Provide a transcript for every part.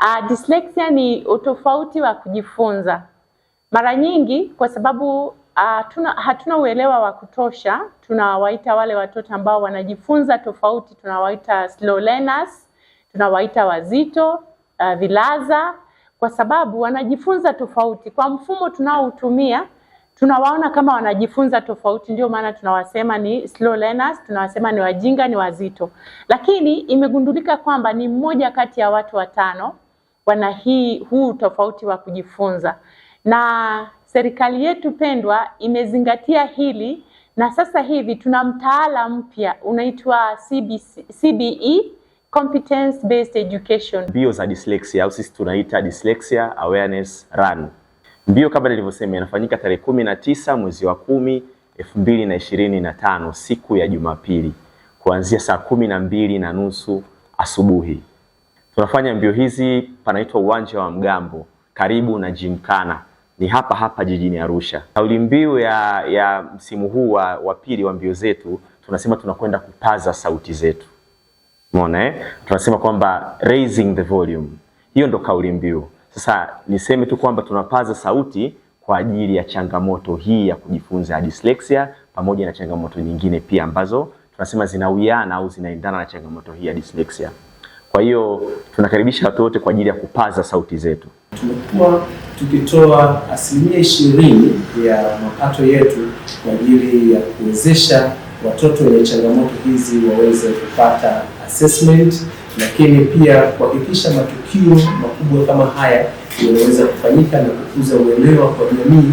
Uh, dyslexia ni utofauti wa kujifunza. Mara nyingi kwa sababu uh, tuna, hatuna uelewa wa kutosha, tunawaita wale watoto ambao wanajifunza tofauti, tunawaita slow learners, tunawaita wazito uh, vilaza, kwa sababu wanajifunza tofauti. Kwa mfumo tunaoutumia tunawaona kama wanajifunza tofauti, ndio maana tunawasema ni slow learners, tunawasema ni wajinga, ni wazito, lakini imegundulika kwamba ni mmoja kati ya watu watano wana hii huu tofauti wa kujifunza, na serikali yetu pendwa imezingatia hili, na sasa hivi tuna mtaala mpya unaitwa CBE Competence Based Education. Mbio za dyslexia au sisi tunaita Dyslexia Awareness Run. Mbio kama nilivyosema inafanyika tarehe kumi na tisa mwezi wa kumi elfu mbili na ishirini na tano siku ya Jumapili kuanzia saa kumi na mbili na nusu asubuhi tunafanya mbio hizi panaitwa uwanja wa Mgambo karibu na jimkana ni hapa hapa jijini Arusha. Kauli mbiu ya, ya msimu huu wa pili wa mbio zetu tunasema tunakwenda kupaza sauti zetu. Umeona eh? Tunasema kwamba raising the volume. Hiyo ndo kauli mbiu. Sasa niseme tu kwamba tunapaza sauti kwa ajili ya changamoto hii ya kujifunza ya dyslexia pamoja na changamoto nyingine pia ambazo tunasema zinawiana au zinaendana na changamoto hii ya dyslexia. Kwa hiyo tunakaribisha watu wote kwa ajili ya kupaza sauti zetu. Tumekuwa tukitoa asilimia ishirini ya mapato yetu kwa ajili ya kuwezesha watoto wenye changamoto hizi waweze kupata assessment, lakini pia kuhakikisha matukio makubwa kama haya yanaweza kufanyika na kukuza uelewa kwa jamii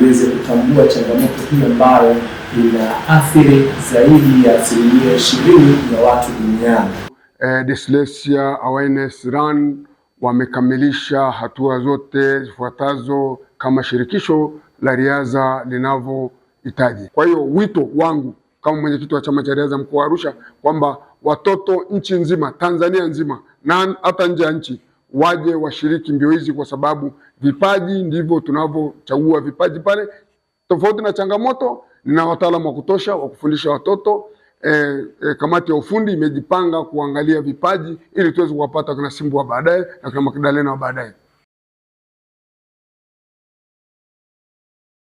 iweze kutambua changamoto hii ambayo ina athiri zaidi ya asilimia ishirini ya watu duniani eh, Dyslexia Awareness Run wamekamilisha hatua zote zifuatazo kama shirikisho la riadha linavyohitaji. Kwa hiyo wito wangu kama mwenyekiti wa chama cha riadha mkoa wa Arusha kwamba watoto nchi nzima, Tanzania nzima na hata nje ya nchi waje washiriki mbio hizi, kwa sababu vipaji ndivyo tunavyochagua vipaji pale. Tofauti na changamoto, nina wataalamu wa kutosha wa kufundisha watoto eh, eh, kamati ya ufundi imejipanga kuangalia vipaji ili tuweze kuwapata kina Simbu wa baadaye na kina Magdalena wa baadaye.